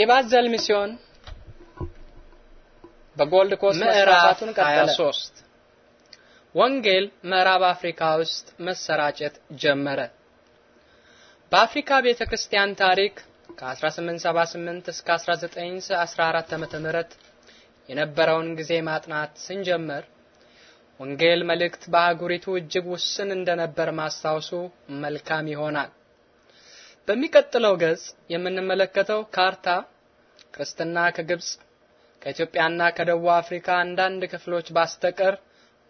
የባዘል ሚስዮን በጎልድ ኮስት መስፋፋቱን ቀጠለ። ወንጌል ምዕራብ አፍሪካ ውስጥ መሰራጨት ጀመረ። በአፍሪካ ቤተ ክርስቲያን ታሪክ ከ1878 እስከ 1914 ዓመተ ምህረት የነበረውን ጊዜ ማጥናት ስንጀምር ወንጌል መልእክት በአህጉሪቱ እጅግ ውስን እንደነበር ማስታወሱ መልካም ይሆናል። በሚቀጥለው ገጽ የምንመለከተው ካርታ ክርስትና ከግብጽ ከኢትዮጵያና ከደቡብ አፍሪካ አንዳንድ ክፍሎች ባስተቀር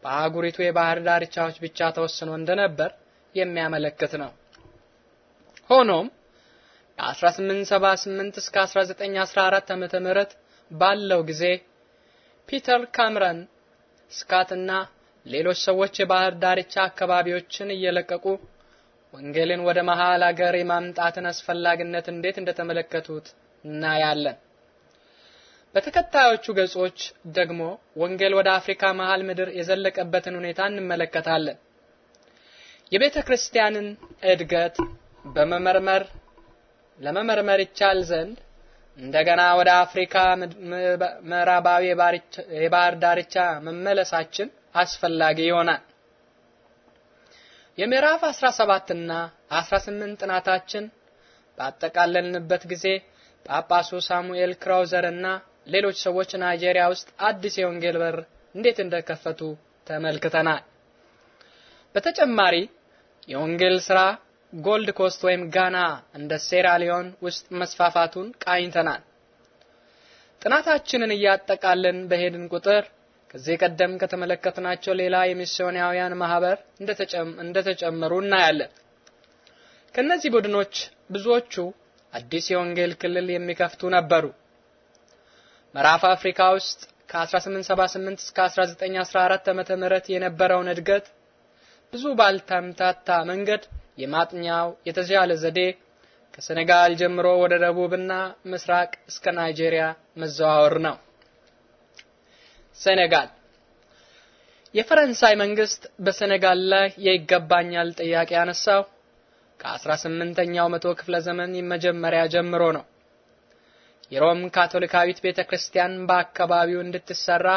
በአህጉሪቱ የባህር ዳርቻዎች ብቻ ተወስኖ እንደነበር የሚያመለክት ነው። ሆኖም ከ1878 እስከ 1914 ዓመተ ምህረት ባለው ጊዜ ፒተር ካምረን ስካትና ሌሎች ሰዎች የባህር ዳርቻ አካባቢዎችን እየለቀቁ ወንጌልን ወደ መሃል አገር የማምጣትን አስፈላጊነት እንዴት እንደተመለከቱት እናያለን። በተከታዮቹ ገጾች ደግሞ ወንጌል ወደ አፍሪካ መሃል ምድር የዘለቀበትን ሁኔታ እንመለከታለን። የቤተ ክርስቲያንን እድገት በመመርመር ለመመርመር ይቻል ዘንድ እንደገና ወደ አፍሪካ ምዕራባዊ የባህር ዳርቻ መመለሳችን አስፈላጊ ይሆናል። የምዕራፍ 17 እና 18 ጥናታችን ባጠቃለልንበት ጊዜ ጳጳሱ ሳሙኤል ክራውዘር እና ሌሎች ሰዎች ናይጄሪያ ውስጥ አዲስ የወንጌል በር እንዴት እንደከፈቱ ተመልክተናል። በተጨማሪ የወንጌል ስራ ጎልድ ኮስት ወይም ጋና እንደ ሴራሊዮን ውስጥ መስፋፋቱን ቃኝተናል። ጥናታችንን እያጠቃለን በሄድን ቁጥር ከዚህ ቀደም ከተመለከትናቸው ሌላ የሚስዮናውያን ማህበር እንደተጨመሩ እናያለን። ከነዚህ ቡድኖች ብዙዎቹ አዲስ የወንጌል ክልል የሚከፍቱ ነበሩ። ምዕራፍ አፍሪካ ውስጥ ከ1878 እስከ 1914 ዓመተ ምህረት የነበረውን እድገት ብዙ ባልተምታታ መንገድ የማጥኛው የተሻለ ዘዴ ከሴኔጋል ጀምሮ ወደ ደቡብና ምስራቅ እስከ ናይጄሪያ መዘዋወር ነው። ሴኔጋል የፈረንሳይ መንግስት በሴኔጋል ላይ የይገባኛል ጥያቄ ያነሳው ከ18ኛው መቶ ክፍለ ዘመን መጀመሪያ ጀምሮ ነው። የሮም ካቶሊካዊት ቤተክርስቲያን በአካባቢው እንድትሰራ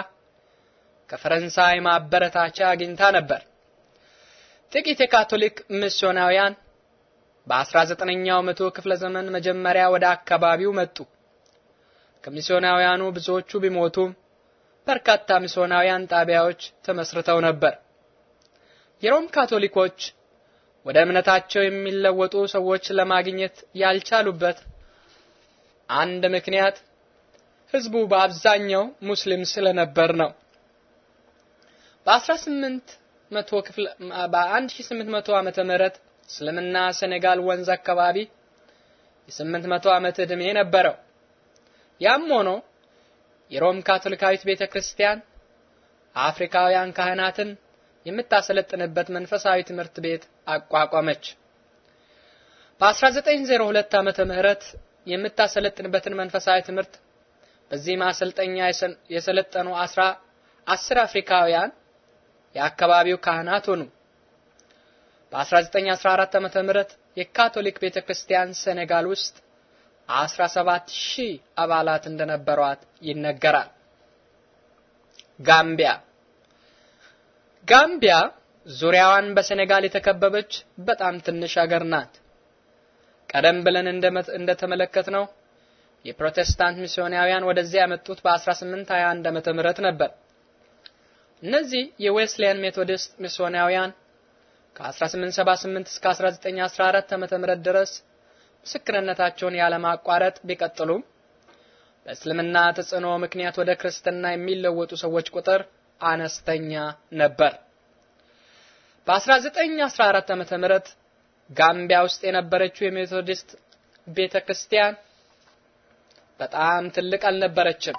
ከፈረንሳይ ማበረታቻ አግኝታ ነበር። ጥቂት የካቶሊክ ሚስዮናውያን በ19ኛው መቶ ክፍለ ዘመን መጀመሪያ ወደ አካባቢው መጡ። ከሚስዮናውያኑ ብዙዎቹ ቢሞቱም በርካታ ሚስዮናውያን ጣቢያዎች ተመስርተው ነበር። የሮም ካቶሊኮች ወደ እምነታቸው የሚለወጡ ሰዎች ለማግኘት ያልቻሉበት አንድ ምክንያት ሕዝቡ በአብዛኛው ሙስሊም ስለነበር ነው። በ1800 ክፍለ በ1800 ዓመተ ምህረት እስልምና ሴኔጋል ወንዝ አካባቢ የ800 ዓመት ዕድሜ ነበረው። ያም ሆኖ የሮም ካቶሊካዊት ቤተ ክርስቲያን አፍሪካውያን ካህናትን የምታሰለጥንበት መንፈሳዊ ትምህርት ቤት አቋቋመች። በ1902 ዓመተ ምህረት የምታሰለጥንበትን መንፈሳዊ ትምህርት በዚህ ማሰልጠኛ የሰለጠኑ አስራ አስር አፍሪካውያን የአካባቢው ካህናት ሆኑ። በ1914 ዓመተ ምህረት የካቶሊክ ቤተክርስቲያን ሴኔጋል ውስጥ 17 ሺህ አባላት እንደነበሯት ይነገራል። ጋምቢያ ጋምቢያ ዙሪያዋን በሴኔጋል የተከበበች በጣም ትንሽ አገር ናት። ቀደም ብለን እንደተመለከትነው የፕሮቴስታንት ሚስዮናውያን ወደዚያ ያመጡት በ1821 ዓመተ ምህረት ነበር። እነዚህ የዌስሊያን ሜቶዲስት ሚስዮናውያን ከ1878 እስከ 1914 ዓመተ ምህረት ድረስ ምስክርነታቸውን ያለማቋረጥ ቢቀጥሉም በእስልምና ተጽዕኖ ምክንያት ወደ ክርስትና የሚለወጡ ሰዎች ቁጥር አነስተኛ ነበር። በ1914 ዓመተ ምህረት ጋምቢያ ውስጥ የነበረችው የሜቶዲስት ቤተ ክርስቲያን በጣም ትልቅ አልነበረችም።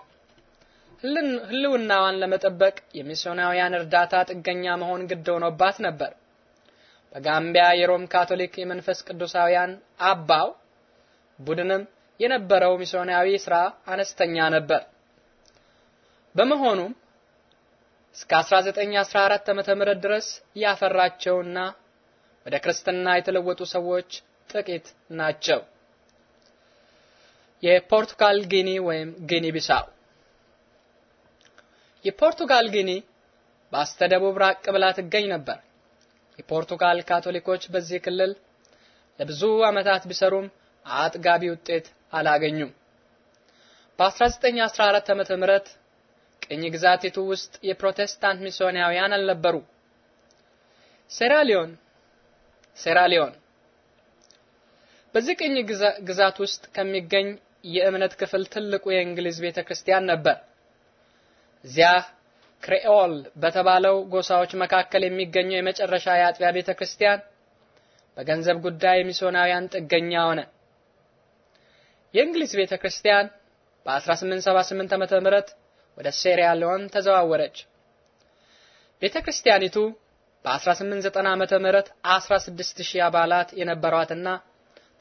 ህልውናዋን ለመጠበቅ የሚስዮናውያን እርዳታ ጥገኛ መሆን ግድ ሆኖባት ነበር። በጋምቢያ የሮም ካቶሊክ የመንፈስ ቅዱሳውያን አባው ቡድንም የነበረው ሚስዮናዊ ስራ አነስተኛ ነበር። በመሆኑም እስከ 1914 ዓመተ ምህረት ድረስ ያፈራቸውና ወደ ክርስትና የተለወጡ ሰዎች ጥቂት ናቸው። የፖርቱጋል ጊኒ ወይም ጊኒ ቢሳው የፖርቱጋል ጊኒ በስተደቡብ ራቅ ብላ ትገኝ ነበር። የፖርቱጋል ካቶሊኮች በዚህ ክልል ለብዙ ዓመታት ቢሰሩም አጥጋቢ ውጤት አላገኙም። በ1914 ዓ.ም ቅኝ ግዛቲቱ ውስጥ የፕሮቴስታንት ሚስዮናውያን አልነበሩ። ሴራሊዮን ሴራሊዮን በዚህ ቅኝ ግዛት ውስጥ ከሚገኝ የእምነት ክፍል ትልቁ የእንግሊዝ ቤተ ክርስቲያን ነበር። እዚያ ክሬኦል በተባለው ጎሳዎች መካከል የሚገኘው የመጨረሻ የአጥቢያ ቤተ ክርስቲያን በገንዘብ ጉዳይ የሚስዮናውያን ጥገኛ ሆነ። የእንግሊዝ ቤተ ክርስቲያን በ1878 ዓመተ ምህረት ወደ ሴሪያ ሊዮን ተዘዋወረች። ቤተ ክርስቲያኒቱ በ1890 ዓመተ ምህረት 16000 አባላት የነበሯትና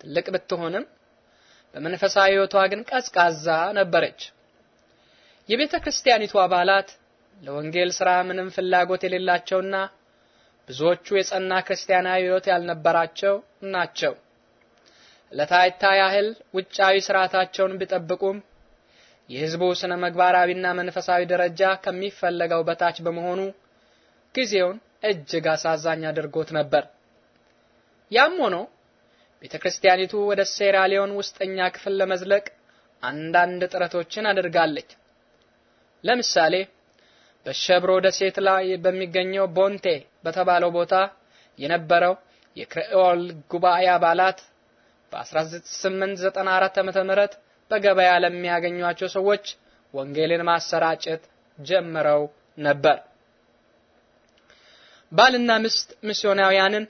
ትልቅ ብትሆንም በመንፈሳዊ ሕይወቷ ግን ቀዝቃዛ ነበረች። የቤተ ክርስቲያኒቱ አባላት ለወንጌል ሥራ ምንም ፍላጎት የሌላቸውና ብዙዎቹ የጸና ክርስቲያናዊ ሕይወት ያልነበራቸው ናቸው። ለታይታ ያህል ውጫዊ ስርዓታቸውን ቢጠብቁም የህዝቡ ስነ ምግባራዊና መንፈሳዊ ደረጃ ከሚፈለገው በታች በመሆኑ ጊዜውን እጅግ አሳዛኝ አድርጎት ነበር። ያም ሆኖ ቤተ ክርስቲያኒቱ ወደ ሴራሊዮን ውስጠኛ ክፍል ለመዝለቅ አንዳንድ ጥረቶችን አድርጋለች። ለምሳሌ በሸብሮ ደሴት ላይ በሚገኘው ቦንቴ በተባለው ቦታ የነበረው የክሬኦል ጉባኤ አባላት በ1894 ዓ.ም በገበያ ለሚያገኟቸው ሰዎች ወንጌልን ማሰራጨት ጀምረው ነበር። ባልና ሚስት ሚስዮናውያንን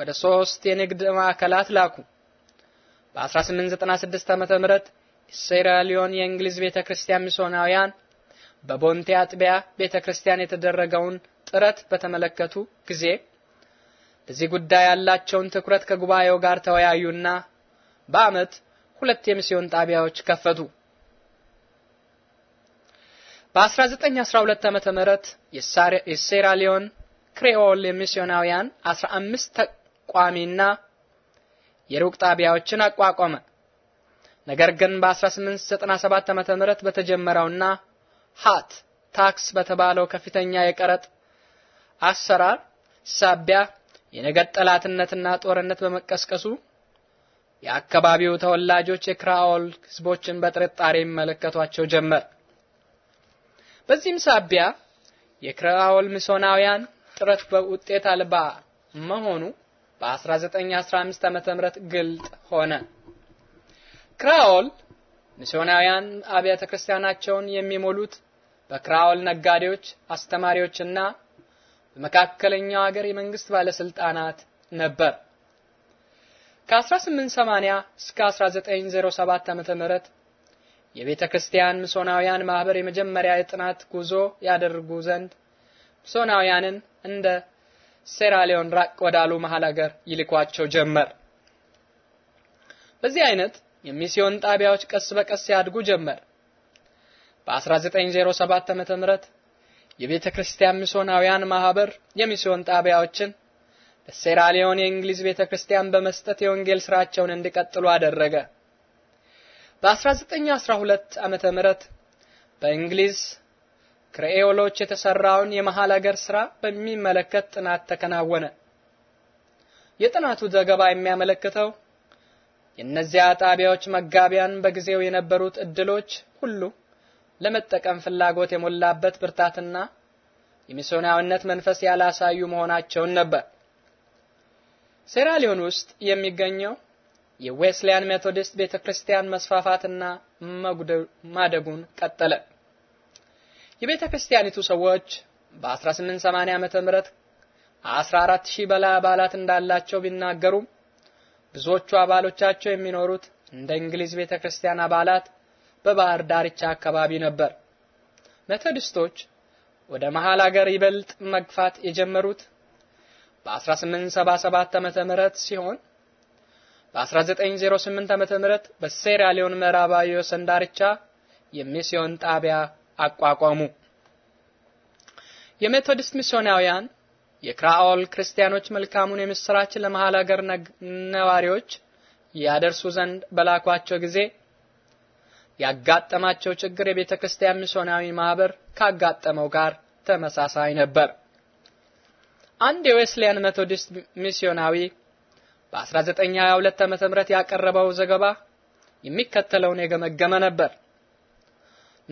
ወደ ሶስት የንግድ ማዕከላት ላኩ። በ1896 ዓ.ም ሴራሊዮን የእንግሊዝ ቤተክርስቲያን ሚስዮናውያን በቦንቴ አጥቢያ ቤተክርስቲያን የተደረገውን ጥረት በተመለከቱ ጊዜ በዚህ ጉዳይ ያላቸውን ትኩረት ከጉባኤው ጋር ተወያዩና በአመት ሁለት የሚስዮን ጣቢያዎች ከፈቱ። በ1912 ዓመተ ምህረት የሴራሊዮን ክሬኦል የሚስዮናውያን 15 ተቋሚና የሩቅ ጣቢያዎችን አቋቋመ። ነገር ግን በ1897 ዓመተ ምህረት በተጀመረውና ሃት ታክስ በተባለው ከፍተኛ የቀረጥ አሰራር ሳቢያ የነገድ ጠላትነትና ጦርነት በመቀስቀሱ የአካባቢው ተወላጆች የክራኦል ህዝቦችን በጥርጣሬ ይመለከቷቸው ጀመር። በዚህም ሳቢያ የክራኦል ምሶናውያን ጥረት በውጤት አልባ መሆኑ በ1915 ዓ.ም ምህረት ግልጥ ሆነ። ክራኦል ምሶናውያን አብያተ ክርስቲያናቸውን የሚሞሉት በክራኦል ነጋዴዎች፣ አስተማሪዎችና በመካከለኛው ሀገር የመንግስት ባለስልጣናት ነበር። ከ1880 እስከ 1907 ዓ.ም የቤተ ክርስቲያን ምሶናውያን ማህበር የመጀመሪያ የጥናት ጉዞ ያደርጉ ዘንድ ምሶናውያንን እንደ ሴራሊዮን ራቅ ወዳሉ መሃል ሀገር ይልኳቸው ጀመር። በዚህ አይነት የሚስዮን ጣቢያዎች ቀስ በቀስ ያድጉ ጀመር። በ1907 ዓ.ም የቤተ ክርስቲያን ምሶናውያን ማህበር የሚስዮን ጣቢያዎችን በሴራሊዮን የእንግሊዝ ቤተ ክርስቲያን በመስጠት የወንጌል ስራቸውን እንዲቀጥሉ አደረገ። በ1912 ዓመተ ምህረት በእንግሊዝ ክሬኦሎች የተሰራውን የመሃል አገር ስራ በሚመለከት ጥናት ተከናወነ። የጥናቱ ዘገባ የሚያመለክተው የእነዚያ ጣቢያዎች መጋቢያን በጊዜው የነበሩት እድሎች ሁሉ ለመጠቀም ፍላጎት የሞላበት ብርታትና የሚስዮናዊነት መንፈስ ያላሳዩ መሆናቸውን ነበር። ሴራሊዮን ውስጥ የሚገኘው የዌስሊያን ሜቶዲስት ቤተክርስቲያን መስፋፋትና ማደጉን ቀጠለ። የቤተ ክርስቲያኒቱ ሰዎች በ1880 ዓመተ ምህረት 14000 በላይ አባላት እንዳላቸው ቢናገሩም ብዙዎቹ አባሎቻቸው የሚኖሩት እንደ እንግሊዝ ቤተ ክርስቲያን አባላት በባህር ዳርቻ አካባቢ ነበር። ሜቶዲስቶች ወደ መሃል አገር ይበልጥ መግፋት የጀመሩት በ1877 ዓመተ ምህረት ሲሆን በ1908 ዓመተ ምህረት በሴራሊዮን ምዕራባዊ ወሰን ዳርቻ የሚስዮን ጣቢያ አቋቋሙ። የሜቶዲስት ሚስዮናውያን የክራኦል ክርስቲያኖች መልካሙን የምስራች ለመሃል ሀገር ነዋሪዎች ያደርሱ ዘንድ በላኳቸው ጊዜ ያጋጠማቸው ችግር የቤተ ክርስቲያን ሚስዮናዊ ማህበር ካጋጠመው ጋር ተመሳሳይ ነበር። አንድ የዌስሊያን ሜቶዲስት ሚስዮናዊ በ1922 ዓመተ ምህረት ያቀረበው ዘገባ የሚከተለውን የገመገመ ነበር።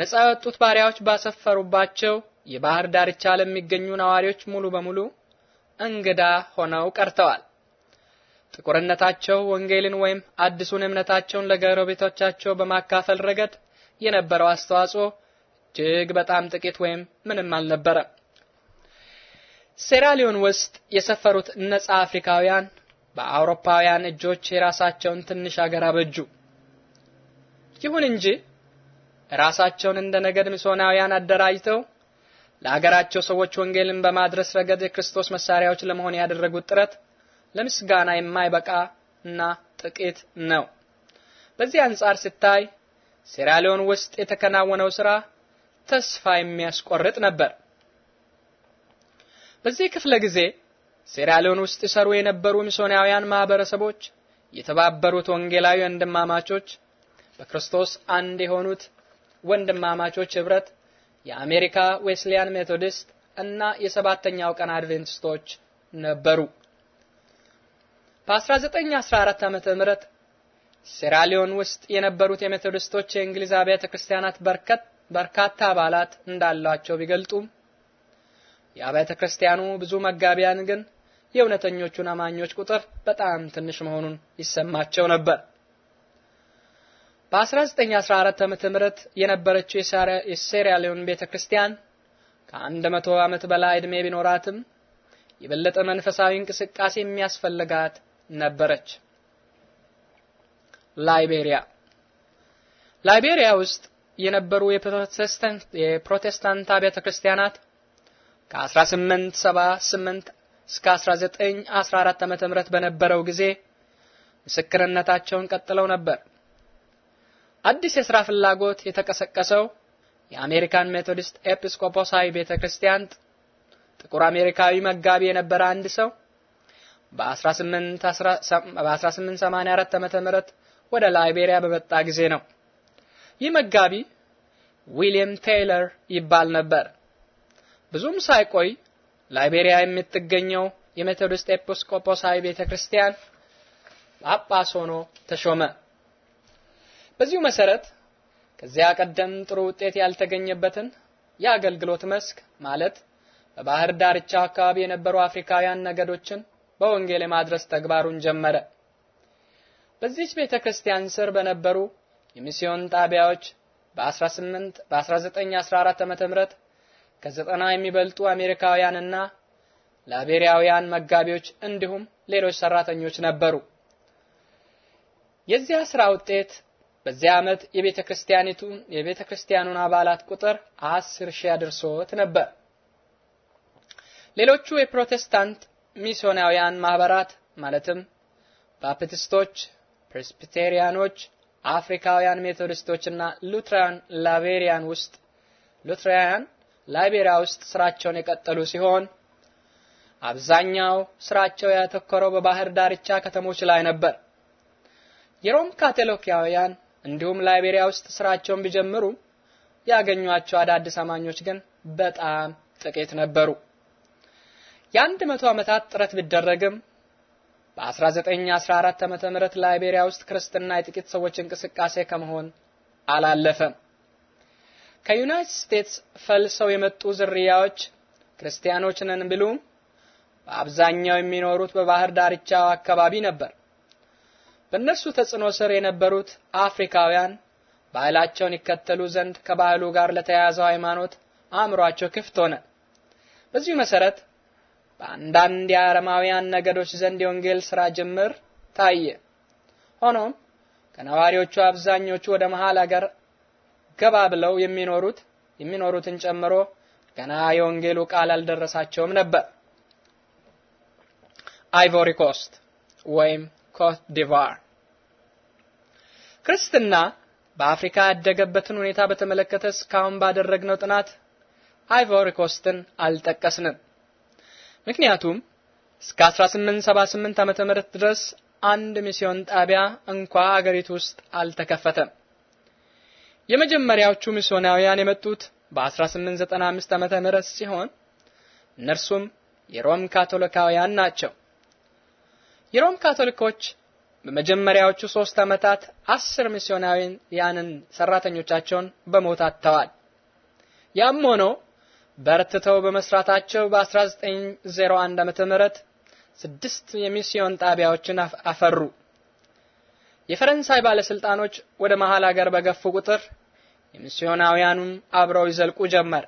ነፃ የወጡት ባሪያዎች ባሰፈሩባቸው የባህር ዳርቻ ለሚገኙ ነዋሪዎች ሙሉ በሙሉ እንግዳ ሆነው ቀርተዋል። ጥቁርነታቸው ወንጌልን ወይም አዲሱን እምነታቸውን ለጎረቤቶቻቸው በማካፈል ረገድ የነበረው አስተዋጽኦ እጅግ በጣም ጥቂት ወይም ምንም አልነበረም። ሴራሊዮን ውስጥ የሰፈሩት ነፃ አፍሪካውያን በአውሮፓውያን እጆች የራሳቸውን ትንሽ አገር አበጁ። ይሁን እንጂ ራሳቸውን እንደ ነገድ ሚስዮናውያን አደራጅተው ለሀገራቸው ሰዎች ወንጌልን በማድረስ ረገድ የክርስቶስ መሳሪያዎች ለመሆን ያደረጉት ጥረት ለምስጋና የማይበቃ እና ጥቂት ነው። በዚህ አንጻር ሲታይ ሴራሊዮን ውስጥ የተከናወነው ስራ ተስፋ የሚያስቆርጥ ነበር። በዚህ ክፍለ ጊዜ ሴራሊዮን ውስጥ ይሰሩ የነበሩ ሚስዮናውያን ማህበረሰቦች፣ የተባበሩት ወንጌላዊ ወንድማማቾች፣ በክርስቶስ አንድ የሆኑት ወንድማማቾች ህብረት፣ የአሜሪካ ዌስሊያን ሜቶዲስት እና የሰባተኛው ቀን አድቬንቲስቶች ነበሩ። በ1914 ዓመተ ምህረት ሴራሊዮን ውስጥ የነበሩት የሜቶዲስቶች የእንግሊዝ አብያተ ክርስቲያናት በርካታ አባላት እንዳሏቸው ቢገልጡም የአብያተ ክርስቲያኑ ብዙ መጋቢያን ግን የእውነተኞቹን አማኞች ቁጥር በጣም ትንሽ መሆኑን ይሰማቸው ነበር። በ1914 ዓመተ ምህረት የነበረችው የሴራሊዮን ቤተክርስቲያን ከ100 ዓመት በላይ ዕድሜ ቢኖራትም የበለጠ መንፈሳዊ እንቅስቃሴ የሚያስፈልጋት ነበረች። ላይቤሪያ ላይቤሪያ ውስጥ የነበሩ የፕሮቴስታንት አብያተ ክርስቲያናት ከ1878 እስከ 1914 ዓመተ ምህረት በነበረው ጊዜ ምስክርነታቸውን ቀጥለው ነበር። አዲስ የሥራ ፍላጎት የተቀሰቀሰው የአሜሪካን ሜቶዲስት ኤጲስቆጶሳዊ ቤተክርስቲያን ጥቁር አሜሪካዊ መጋቢ የነበረ አንድ ሰው በ1884 ዓመተ ምህረት ወደ ላይቤሪያ በመጣ ጊዜ ነው። ይህ መጋቢ ዊሊያም ቴይለር ይባል ነበር። ብዙም ሳይቆይ ላይቤሪያ የምትገኘው የሜቶዲስት ኤጲስቆጶሳዊ ቤተክርስቲያን ጳጳስ ሆኖ ተሾመ። በዚሁ መሰረት ከዚያ ቀደም ጥሩ ውጤት ያልተገኘበትን የአገልግሎት መስክ ማለት በባህር ዳርቻ አካባቢ የነበሩ አፍሪካውያን ነገዶችን በወንጌል የማድረስ ተግባሩን ጀመረ። በዚህ ቤተ ክርስቲያን ስር በነበሩ የሚስዮን ጣቢያዎች በ18 በ1914 ዓ.ም. ከዘጠና የሚበልጡ አሜሪካውያንና ላቤሪያውያን መጋቢዎች እንዲሁም ሌሎች ሰራተኞች ነበሩ። የዚያ ስራ ውጤት በዚያ ዓመት የቤተክርስቲያኒቱ የቤተክርስቲያኑን አባላት ቁጥር አስር ሺህ አድርሶት ነበር። ሌሎቹ የፕሮቴስታንት ሚስዮናውያን ማህበራት ማለትም ባፕቲስቶች፣ ፕሬስቢቴሪያኖች፣ አፍሪካውያን ሜቶዲስቶችና ሉትራን ላቤሪያን ውስጥ ሉትራውያን ላይቤሪያ ውስጥ ስራቸውን የቀጠሉ ሲሆን አብዛኛው ስራቸው ያተኮረው በባህር ዳርቻ ከተሞች ላይ ነበር። የሮም ካቶሊካውያን እንዲሁም ላይቤሪያ ውስጥ ስራቸውን ቢጀምሩ ያገኟቸው አዳዲስ አማኞች ግን በጣም ጥቂት ነበሩ። የአንድ መቶ ዓመታት ጥረት ቢደረግም በ1914 ዓመተ ምህረት ላይቤሪያ ውስጥ ክርስትና የጥቂት ሰዎች እንቅስቃሴ ከመሆን አላለፈም። ከዩናይትድ ስቴትስ ፈልሰው የመጡ ዝርያዎች ክርስቲያኖች ነን ቢሉም በአብዛኛው የሚኖሩት በባህር ዳርቻው አካባቢ ነበር። በእነርሱ ተጽዕኖ ስር የነበሩት አፍሪካውያን ባህላቸውን ይከተሉ ዘንድ ከባህሉ ጋር ለተያያዘው ሃይማኖት አእምሯቸው ክፍት ሆነ። በዚሁ መሰረት በአንዳንድ የአረማውያን ነገዶች ዘንድ የወንጌል ስራ ጅምር ታየ። ሆኖም ከነዋሪዎቹ አብዛኞቹ ወደ መሃል አገር ገባ ብለው የሚኖሩት የሚኖሩትን ጨምሮ ገና የወንጌሉ ቃል አልደረሳቸውም ነበር። አይቮሪ ኮስት ወይም ኮት ዲቫር ክርስትና በአፍሪካ ያደገበትን ሁኔታ በተመለከተ እስካሁን ባደረግነው ጥናት አይቮሪ ኮስትን አልጠቀስንም። ምክንያቱም እስከ 1878 ዓ.ም ድረስ አንድ ሚስዮን ጣቢያ እንኳ አገሪቱ ውስጥ አልተከፈተም። የመጀመሪያዎቹ ሚስዮናውያን የመጡት በ1895 ዓመተ ምህረት ሲሆን እነርሱም የሮም ካቶሊካውያን ናቸው። የሮም ካቶሊኮች በመጀመሪያዎቹ ሶስት ዓመታት አስር ያንን ሰራተኞቻቸውን በሞት አጥተዋል። ያም ሆኖ በርትተው በመስራታቸው በ1901 ዓመተ ምህረት ስድስት የሚስዮን ጣቢያዎችን አፈሩ። የፈረንሳይ ባለስልጣኖች ወደ መሃል አገር በገፉ ቁጥር የሚስዮናውያኑን አብረው ይዘልቁ ጀመር።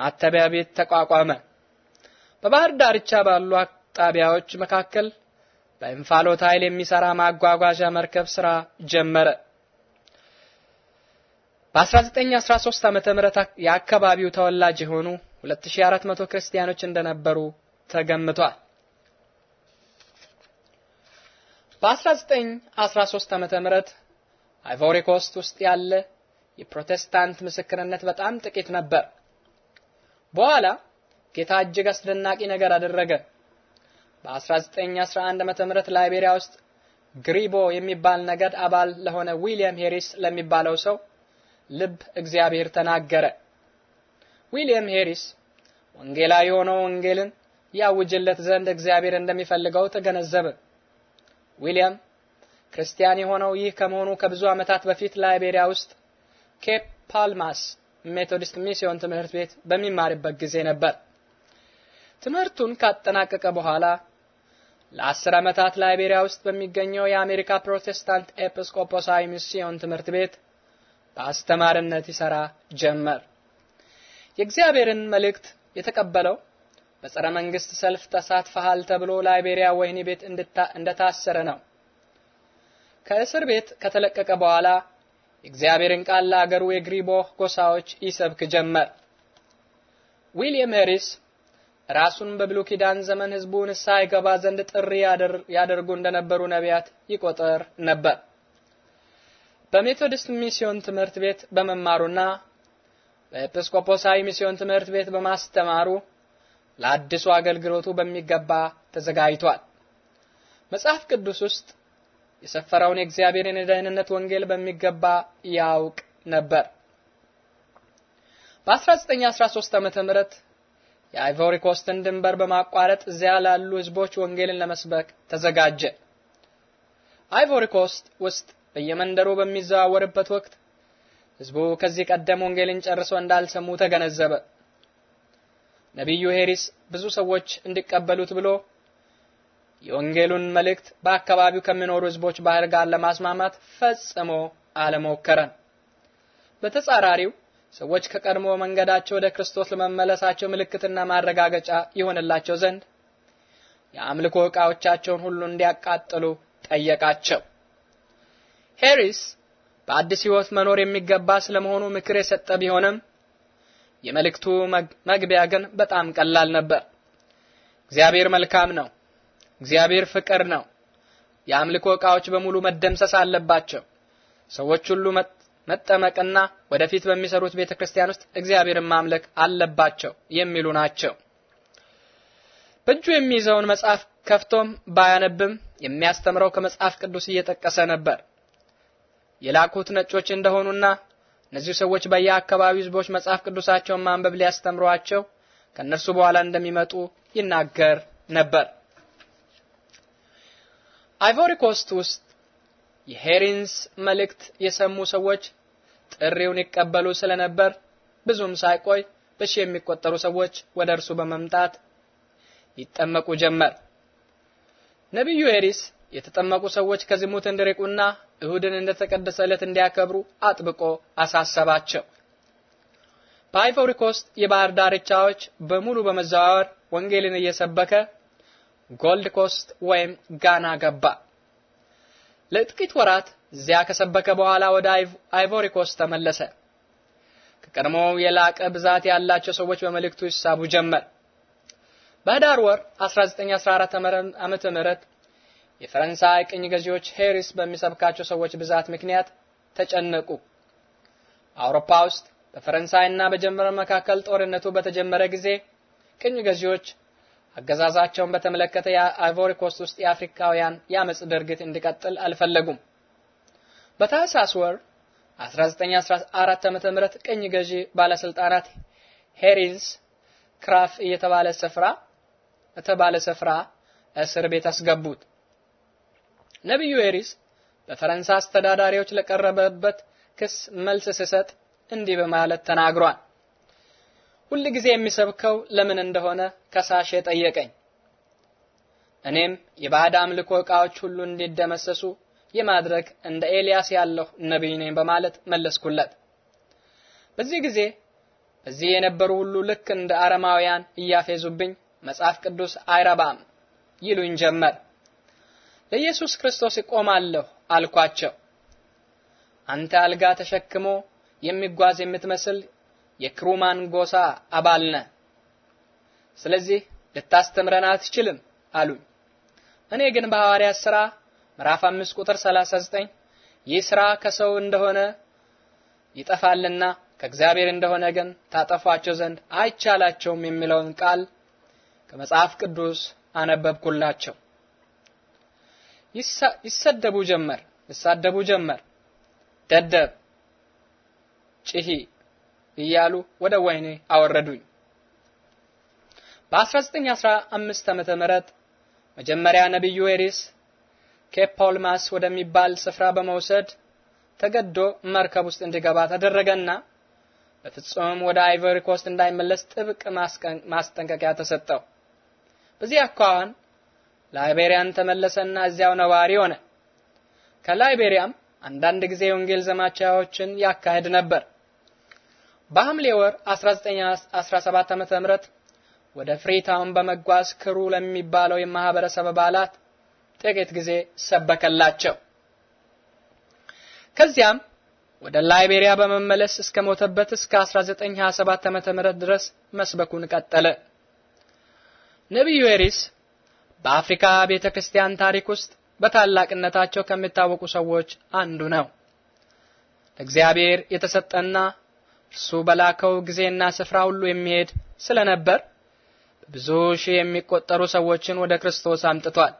ማተቢያ ቤት ተቋቋመ። በባህር ዳርቻ ባሉ አጣቢያዎች መካከል በእንፋሎት ኃይል የሚሰራ ማጓጓዣ መርከብ ስራ ጀመረ። በ1913 ዓመተ ምህረት የአካባቢው ተወላጅ የሆኑ 2400 ክርስቲያኖች እንደነበሩ ተገምቷል። በ1913 ዓመተ ምህረት አይቮሪ ኮስት ውስጥ ያለ የፕሮቴስታንት ምስክርነት በጣም ጥቂት ነበር። በኋላ ጌታ እጅግ አስደናቂ ነገር አደረገ። በ1911 ዓ.ም ላይቤሪያ ውስጥ ግሪቦ የሚባል ነገድ አባል ለሆነ ዊሊያም ሄሪስ ለሚባለው ሰው ልብ እግዚአብሔር ተናገረ። ዊሊያም ሄሪስ ወንጌላዊ ሆኖ ወንጌልን ያውጅለት ዘንድ እግዚአብሔር እንደሚፈልገው ተገነዘበ። ዊሊያም ክርስቲያን የሆነው ይህ ከመሆኑ ከብዙ ዓመታት በፊት ላይቤሪያ ውስጥ ኬፕ ፓልማስ ሜቶዲስት ሚስዮን ትምህርት ቤት በሚማርበት ጊዜ ነበር። ትምህርቱን ካጠናቀቀ በኋላ ለአስር ዓመታት ላይቤሪያ ውስጥ በሚገኘው የአሜሪካ ፕሮቴስታንት ኤጲስቆጶሳዊ ሚስዮን ትምህርት ቤት በአስተማሪነት ይሰራ ጀመር። የእግዚአብሔርን መልእክት የተቀበለው በጸረ መንግስት ሰልፍ ተሳትፈሃል ተብሎ ላይቤሪያ ወህኒ ቤት እንደታሰረ ነው። ከእስር ቤት ከተለቀቀ በኋላ የእግዚአብሔርን ቃል ለአገሩ የግሪቦ ጎሳዎች ይሰብክ ጀመር። ዊሊየም ሄሪስ ራሱን በብሉይ ኪዳን ዘመን ህዝቡ ንስሐ ይገባ ዘንድ ጥሪ ያደርጉ እንደነበሩ ነቢያት ይቆጠር ነበር። በሜቶዲስት ሚስዮን ትምህርት ቤት በመማሩና በኤጲስቆጶሳዊ ሚስዮን ትምህርት ቤት በማስተማሩ ለአዲሱ አገልግሎቱ በሚገባ ተዘጋጅቷል። መጽሐፍ ቅዱስ ውስጥ የሰፈረውን የእግዚአብሔርን የደህንነት ወንጌል በሚገባ ያውቅ ነበር። በ1913 ዓመተ ምህረት የአይቮሪ ኮስትን ድንበር በማቋረጥ እዚያ ላሉ ህዝቦች ወንጌልን ለመስበክ ተዘጋጀ። አይቮሪ ኮስት ውስጥ በየመንደሩ በሚዘዋወርበት ወቅት ህዝቡ ከዚህ ቀደም ወንጌልን ጨርሶ እንዳልሰሙ ተገነዘበ። ነቢዩ ሄሪስ ብዙ ሰዎች እንዲቀበሉት ብሎ የወንጌሉን መልእክት በአካባቢው ከሚኖሩ ህዝቦች ባህል ጋር ለማስማማት ፈጽሞ አለሞከረም። በተጻራሪው ሰዎች ከቀድሞ መንገዳቸው ወደ ክርስቶስ ለመመለሳቸው ምልክትና ማረጋገጫ ይሆንላቸው ዘንድ የአምልኮ ዕቃዎቻቸውን ሁሉ እንዲያቃጥሉ ጠየቃቸው። ሄሪስ በአዲስ ህይወት መኖር የሚገባ ስለመሆኑ ምክር የሰጠ ቢሆንም የመልእክቱ መግቢያ ግን በጣም ቀላል ነበር። እግዚአብሔር መልካም ነው። እግዚአብሔር ፍቅር ነው። የአምልኮ ዕቃዎች በሙሉ መደምሰስ አለባቸው። ሰዎች ሁሉ መጠመቅና ወደፊት በሚሰሩት ቤተክርስቲያን ውስጥ እግዚአብሔርን ማምለክ አለባቸው የሚሉ ናቸው። በእጁ የሚይዘውን መጽሐፍ ከፍቶም ባያነብም የሚያስተምረው ከመጽሐፍ ቅዱስ እየጠቀሰ ነበር። የላኩት ነጮች እንደሆኑና እነዚህ ሰዎች በየአካባቢው ህዝቦች መጽሐፍ ቅዱሳቸውን ማንበብ ሊያስተምሯቸው ከእነርሱ በኋላ እንደሚመጡ ይናገር ነበር። አይቮሪ ኮስት ውስጥ የሄሪንስ መልእክት የሰሙ ሰዎች ጥሪውን ይቀበሉ ስለነበር ብዙም ሳይቆይ በሺ የሚቆጠሩ ሰዎች ወደ እርሱ በመምጣት ይጠመቁ ጀመር። ነቢዩ ሄሪስ የተጠመቁ ሰዎች ከዝሙት እንዲርቁና እሁድን እንደተቀደሰ ዕለት እንዲያከብሩ አጥብቆ አሳሰባቸው። በአይቮሪ ኮስት የባህር ዳርቻዎች በሙሉ በመዘዋወር ወንጌልን እየሰበከ ጎልድ ኮስት ወይም ጋና ገባ። ለጥቂት ወራት እዚያ ከሰበከ በኋላ ወደ አይቮሪ ኮስት ተመለሰ። ከቀድሞው የላቀ ብዛት ያላቸው ሰዎች በመልእክቱ ይሳቡ ጀመር። በህዳር ወር 1914 ዓመተ ምህረት የፈረንሳይ ቅኝ ገዢዎች ሄሪስ በሚሰብካቸው ሰዎች ብዛት ምክንያት ተጨነቁ። አውሮፓ ውስጥ በፈረንሳይና በጀርመን መካከል ጦርነቱ በተጀመረ ጊዜ ቅኝ ገዢዎች አገዛዛቸውን በተመለከተ የአይቮሪ ኮስት ውስጥ የአፍሪካውያን የአመጽ ድርጊት እንዲቀጥል አልፈለጉም። በታህሳስ ወር 1914 ዓ.ም ቅኝ ገዢ ባለስልጣናት ሄሪንስ ክራፍ እየተባለ ስፍራ የተባለ ስፍራ እስር ቤት አስገቡት። ነቢዩ ኤሪስ በፈረንሳይ አስተዳዳሪዎች ለቀረበበት ክስ መልስ ሲሰጥ እንዲህ በማለት ተናግሯል። ሁል ጊዜ የሚሰብከው ለምን እንደሆነ ከሳሽ የጠየቀኝ እኔም የባዕድ አምልኮ እቃዎች ሁሉ እንዲደመሰሱ የማድረግ እንደ ኤልያስ ያለሁ ነቢይ ነኝ በማለት መለስኩለት። በዚህ ጊዜ በዚህ የነበሩ ሁሉ ልክ እንደ አረማውያን እያፌዙብኝ መጽሐፍ ቅዱስ አይረባም ይሉኝ ጀመር። ለኢየሱስ ክርስቶስ እቆማለሁ አልኳቸው። አንተ አልጋ ተሸክሞ የሚጓዝ የምትመስል የክሩማን ጎሳ አባል ነህ፣ ስለዚህ ልታስተምረን አትችልም አሉኝ። እኔ ግን በሐዋርያት ሥራ ምዕራፍ 5 ቁጥር 39 ይህ ሥራ ከሰው እንደሆነ ይጠፋልና ከእግዚአብሔር እንደሆነ ግን ታጠፏቸው ዘንድ አይቻላቸውም የሚለውን ቃል ከመጽሐፍ ቅዱስ አነበብኩላቸው። ይሰደቡ ጀመር ይሳደቡ ጀመር። ደደብ ጭሂ እያሉ ወደ ወይኔ አወረዱኝ። በ1915 ዓመተ ምህረት መጀመሪያ ነቢዩ ኤሪስ ኬፕ ፖልማስ ወደሚባል ስፍራ በመውሰድ ተገዶ መርከብ ውስጥ እንዲገባ ተደረገና በፍጹም ወደ አይቨሪ ኮስት እንዳይመለስ ጥብቅ ማስጠንቀቂያ ተሰጠው። በዚህ አኳኋን ላይቤሪያን ተመለሰና እዚያው ነዋሪ ሆነ። ከላይቤሪያም አንዳንድ ጊዜ የወንጌል ዘማቻዎችን ያካሄድ ነበር። በሐምሌ ወር 1917 ዓ.ም ወደ ፍሪታውን በመጓዝ ክሩ ለሚባለው የማህበረሰብ አባላት ጥቂት ጊዜ ሰበከላቸው። ከዚያም ወደ ላይቤሪያ በመመለስ እስከ ሞተበት እስከ 1927 ዓ.ም ድረስ መስበኩን ቀጠለ። ነቢዩ ኤሪስ በአፍሪካ ቤተ ክርስቲያን ታሪክ ውስጥ በታላቅነታቸው ከሚታወቁ ሰዎች አንዱ ነው። ለእግዚአብሔር የተሰጠና እርሱ በላከው ጊዜና ስፍራ ሁሉ የሚሄድ ስለነበር ብዙ ሺህ የሚቆጠሩ ሰዎችን ወደ ክርስቶስ አምጥቷል።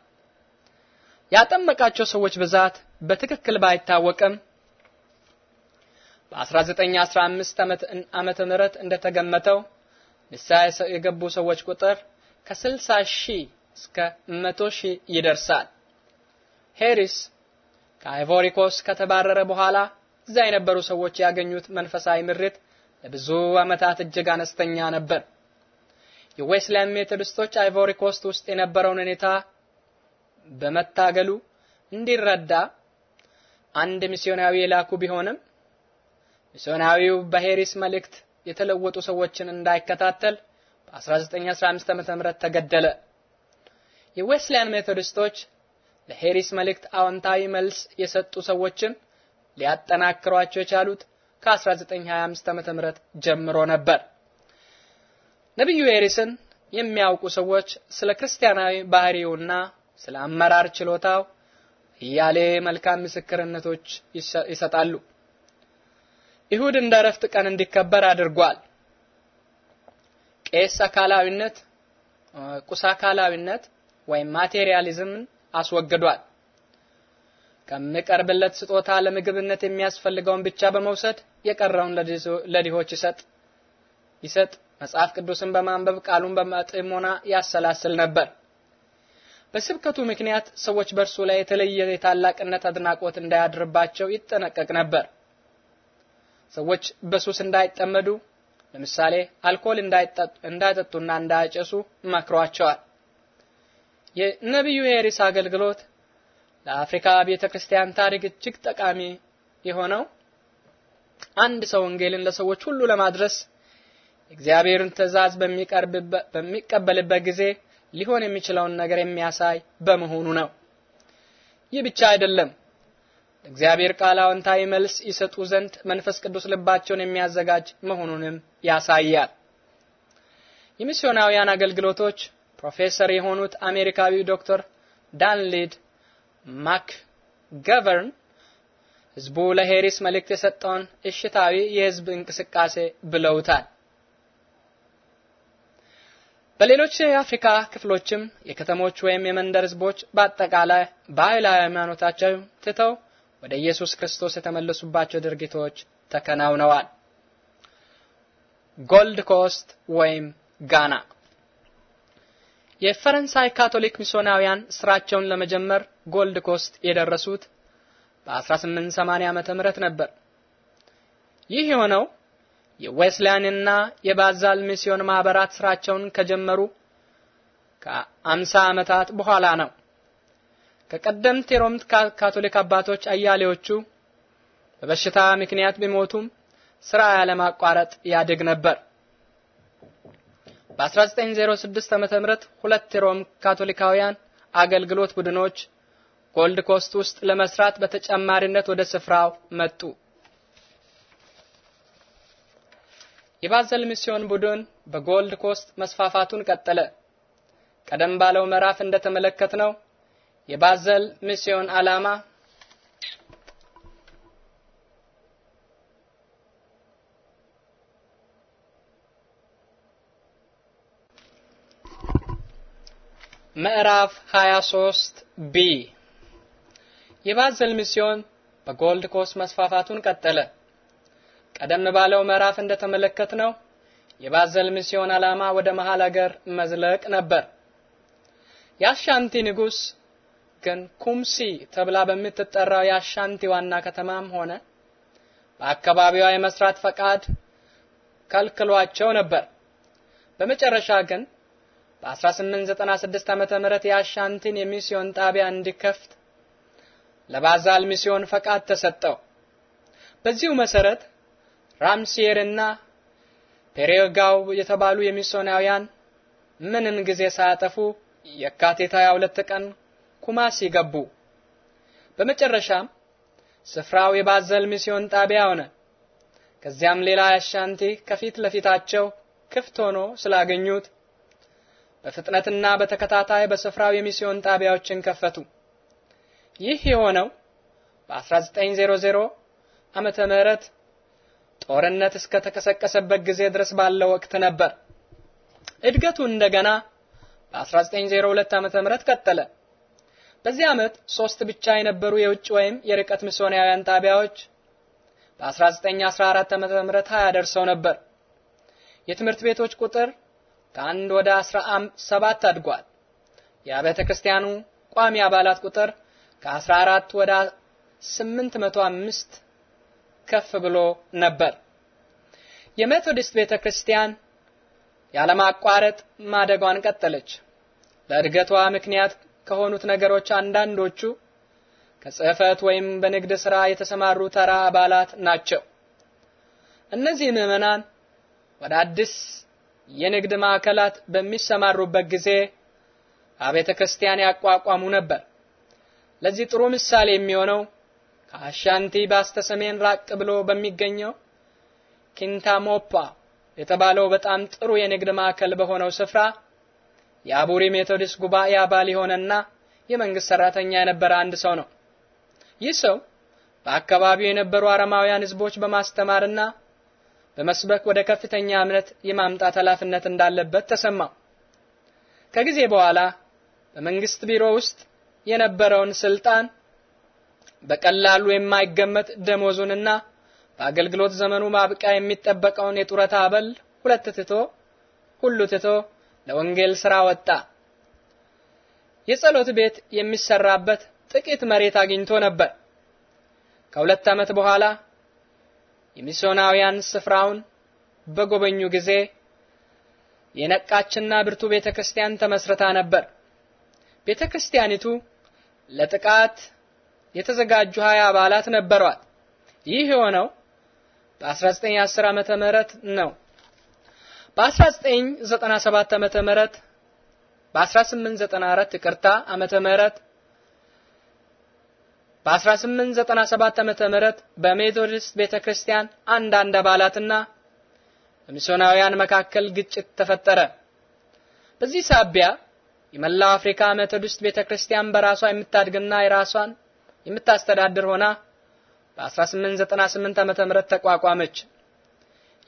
ያጠመቃቸው ሰዎች ብዛት በትክክል ባይታወቅም በ1915 ዓመተ ምህረት እንደተገመተው ንስሐ የገቡ ሰዎች ቁጥር ከ60 ሺህ እስከ 100 ሺህ ይደርሳል። ሄሪስ ከአይቮሪኮስ ከተባረረ በኋላ እዛ የነበሩ ሰዎች ያገኙት መንፈሳዊ ምሬት ለብዙ ዓመታት እጅግ አነስተኛ ነበር። የዌስሊያን ሜቶዲስቶች አይቮሪኮስት ውስጥ የነበረውን ሁኔታ በመታገሉ እንዲረዳ አንድ ሚስዮናዊ የላኩ ቢሆንም ሚስዮናዊው በሄሪስ መልእክት የተለወጡ ሰዎችን እንዳይከታተል በ1915 ዓ.ም ተገደለ። የዌስሊያን ሜቶዲስቶች ለሄሪስ መልእክት አዎንታዊ መልስ የሰጡ ሰዎችን ሊያጠናክሯቸው የቻሉት ከ1925 ዓመተ ምህረት ጀምሮ ነበር። ነብዩ ሄሪስን የሚያውቁ ሰዎች ስለ ክርስቲያናዊ ባህሪውና ስለ አመራር ችሎታው እያሌ መልካም ምስክርነቶች ይሰጣሉ። ይሁድ እንደ እረፍት ቀን እንዲከበር አድርጓል። ቄስ አካላዊነት አካላዊነት ወይም ማቴሪያሊዝምን አስወግዷል። ከሚቀርብለት ስጦታ ለምግብነት የሚያስፈልገውን ብቻ በመውሰድ የቀረውን ለድሆች ይሰጥ ይሰጥ መጽሐፍ ቅዱስን በማንበብ ቃሉን በመጥሞና ያሰላስል ነበር። በስብከቱ ምክንያት ሰዎች በእርሱ ላይ የተለየ የታላቅነት አድናቆት እንዳያድርባቸው ይጠነቀቅ ነበር። ሰዎች በሱስ እንዳይጠመዱ ለምሳሌ አልኮል እንዳይጠጡና እንዳያጨሱ መክሯቸዋል። የነቢዩ ኤሪስ አገልግሎት ለአፍሪካ ቤተ ክርስቲያን ታሪክ እጅግ ጠቃሚ የሆነው አንድ ሰው ወንጌልን ለሰዎች ሁሉ ለማድረስ እግዚአብሔርን ትእዛዝ በሚቀበልበት ጊዜ ሊሆን የሚችለውን ነገር የሚያሳይ በመሆኑ ነው። ይህ ብቻ አይደለም። እግዚአብሔር ቃል አዎንታዊ መልስ ይሰጡ ዘንድ መንፈስ ቅዱስ ልባቸውን የሚያዘጋጅ መሆኑንም ያሳያል። የሚስዮናውያን አገልግሎቶች ፕሮፌሰር የሆኑት አሜሪካዊው ዶክተር ዳንሊድ ማክ ገቨርን ህዝቡ ለሄሪስ መልእክት የሰጠውን እሽታዊ የህዝብ እንቅስቃሴ ብለውታል። በሌሎች የአፍሪካ ክፍሎችም የከተሞች ወይም የመንደር ህዝቦች በአጠቃላይ ባህላዊ ሃይማኖታቸው ትተው ወደ ኢየሱስ ክርስቶስ የተመለሱባቸው ድርጊቶች ተከናውነዋል። ጎልድ ኮስት ወይም ጋና የፈረንሳይ ካቶሊክ ሚስዮናውያን ስራቸውን ለመጀመር ጎልድ ኮስት የደረሱት በ1880 ዓመተ ምህረት ነበር። ይህ የሆነው የዌስሊያንና የባዛል ሚስዮን ማህበራት ስራቸውን ከጀመሩ ከ50 ዓመታት በኋላ ነው። ከቀደምት የሮም ካቶሊክ አባቶች አያሌዎቹ በበሽታ ምክንያት ቢሞቱም ስራ ያለማቋረጥ ያድግ ነበር። በ1906 ዓ.ም ሁለት የሮም ካቶሊካውያን አገልግሎት ቡድኖች ጎልድ ኮስት ውስጥ ለመስራት በተጨማሪነት ወደ ስፍራው መጡ። የባዘል ሚስዮን ቡድን በጎልድ ኮስት መስፋፋቱን ቀጠለ። ቀደም ባለው ምዕራፍ እንደተመለከትነው የባዘል ሚስዮን ዓላማ ምዕራፍ 23 ቢ የባዘል ሚስዮን በጎልድ ኮስት መስፋፋቱን ቀጠለ። ቀደም ባለው ምዕራፍ እንደተመለከትነው የባዘል ሚስዮን ዓላማ ወደ መሃል አገር መዝለቅ ነበር። የአሻንቲ ንጉስ ግን ኩምሲ ተብላ በምትጠራው የአሻንቲ ዋና ከተማም ሆነ በአካባቢዋ የመስራት ፈቃድ ከልክሏቸው ነበር። በመጨረሻ ግን በ1896 ዓመተ ምህረት የአሻንቲን የሚስዮን ጣቢያ እንዲከፍት ለባዛል ሚስዮን ፈቃድ ተሰጠው። በዚሁ መሰረት ራምሲየር እና ፔሬጋው የተባሉ የሚስዮናውያን ምንን ጊዜ ሳያጠፉ የካቲት 22 ቀን ኩማሲ ገቡ። በመጨረሻም ስፍራው የባዘል ሚስዮን ጣቢያ ሆነ። ከዚያም ሌላ አሻንቲ ከፊት ለፊታቸው ክፍት ሆኖ ስላገኙት በፍጥነትና በተከታታይ በስፍራው የሚስዮን ጣቢያዎችን ከፈቱ። ይህ የሆነው በ1900 ዓመተ ምህረት ጦርነት እስከ ተቀሰቀሰበት ጊዜ ድረስ ባለው ወቅት ነበር። እድገቱ እንደገና በ1902 ዓመተ ምህረት ቀጠለ። በዚህ ዓመት ሶስት ብቻ የነበሩ የውጭ ወይም የርቀት ሚስዮናውያን ጣቢያዎች በ1914 ዓመተ ምህረት 20 ደርሰው ነበር። የትምህርት ቤቶች ቁጥር ከአንድ ወደ አስራ ሰባት አድጓል። የቤተ ክርስቲያኑ ቋሚ አባላት ቁጥር ከ14 ወደ 805 ከፍ ብሎ ነበር። የሜቶዲስት ቤተ ክርስቲያን ያለማቋረጥ ማደጓን ቀጠለች። ለእድገቷ ምክንያት ከሆኑት ነገሮች አንዳንዶቹ ከጽህፈት ወይም በንግድ ሥራ የተሰማሩ ተራ አባላት ናቸው። እነዚህ ምዕመናን ወደ አዲስ የንግድ ማዕከላት በሚሰማሩበት ጊዜ አቤተ ክርስቲያን ያቋቋሙ ነበር። ለዚህ ጥሩ ምሳሌ የሚሆነው ከአሻንቲ በስተሰሜን ራቅ ብሎ በሚገኘው ኪንታሞፓ የተባለው በጣም ጥሩ የንግድ ማዕከል በሆነው ስፍራ የአቡሪ ሜቶዲስት ጉባኤ አባል የሆነና የመንግስት ሰራተኛ የነበረ አንድ ሰው ነው። ይህ ሰው በአካባቢው የነበሩ አረማውያን ህዝቦች በማስተማርና በመስበክ ወደ ከፍተኛ እምነት የማምጣት ኃላፊነት እንዳለበት ተሰማው። ከጊዜ በኋላ በመንግስት ቢሮ ውስጥ የነበረውን ስልጣን በቀላሉ የማይገመት ደሞዙንና በአገልግሎት ዘመኑ ማብቂያ የሚጠበቀውን የጡረታ አበል ሁለት ትቶ ሁሉ ትቶ ለወንጌል ስራ ወጣ። የጸሎት ቤት የሚሰራበት ጥቂት መሬት አግኝቶ ነበር። ከሁለት ዓመት በኋላ የሚስዮናውያን ስፍራውን በጎበኙ ጊዜ የነቃችና ብርቱ ቤተ ክርስቲያን ተመስርታ ነበር። ቤተ ክርስቲያኒቱ ለጥቃት የተዘጋጁ ሀያ አባላት ነበሯት። ይህ የሆነው በ1910 ዓመተ ምህረት ነው። በ1997 ዓመተ ምህረት በ1894 ይቅርታ ዓመተ ምህረት በ1897 ዓመተ ምህረት በሜቶዲስት ቤተክርስቲያን አንዳንድ አባላትና በሚስዮናውያን መካከል ግጭት ተፈጠረ። በዚህ ሳቢያ የመላው አፍሪካ ሜቶዲስት ቤተክርስቲያን በራሷ የምታድግና የራሷን የምታስተዳድር ሆና በ1898 ዓመተ ምህረት ተቋቋመች።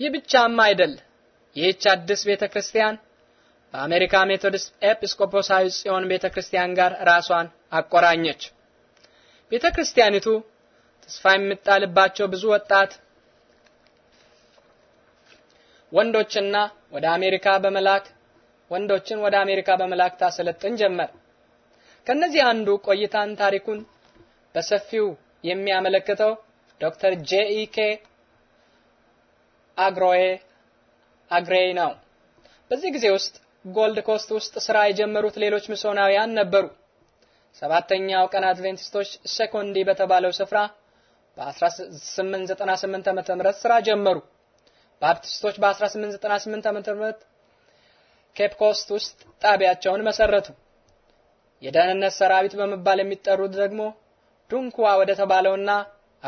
ይህ ብቻም አይደል። ይህች አዲስ ቤተክርስቲያን በአሜሪካ ሜቶዲስት ኤጲስቆጶሳዊ ጽዮን ቤተክርስቲያን ጋር ራሷን አቆራኘች። ቤተ ክርስቲያኒቱ ተስፋ የምጣልባቸው ብዙ ወጣት ወንዶችና ወደ አሜሪካ በመላክ ወንዶችን ወደ አሜሪካ በመላክ ታሰለጥን ጀመር። ከነዚህ አንዱ ቆይታን ታሪኩን በሰፊው የሚያመለክተው ዶክተር ጄኢኬ አግሮዬ አግሬይ ነው። በዚህ ጊዜ ውስጥ ጎልድ ኮስት ውስጥ ስራ የጀመሩት ሌሎች ምሶናውያን ነበሩ። ሰባተኛው ቀን አድቬንቲስቶች ሴኮንዲ በተባለው ስፍራ በ1898 ዓመተ ምህረት ስራ ጀመሩ። ባፕቲስቶች በ1898 ዓመተ ምህረት ኬፕ ኮስት ውስጥ ጣቢያቸውን መሰረቱ። የደህንነት ሰራዊት በመባል የሚጠሩት ደግሞ ዱንኳ ወደ ተባለውና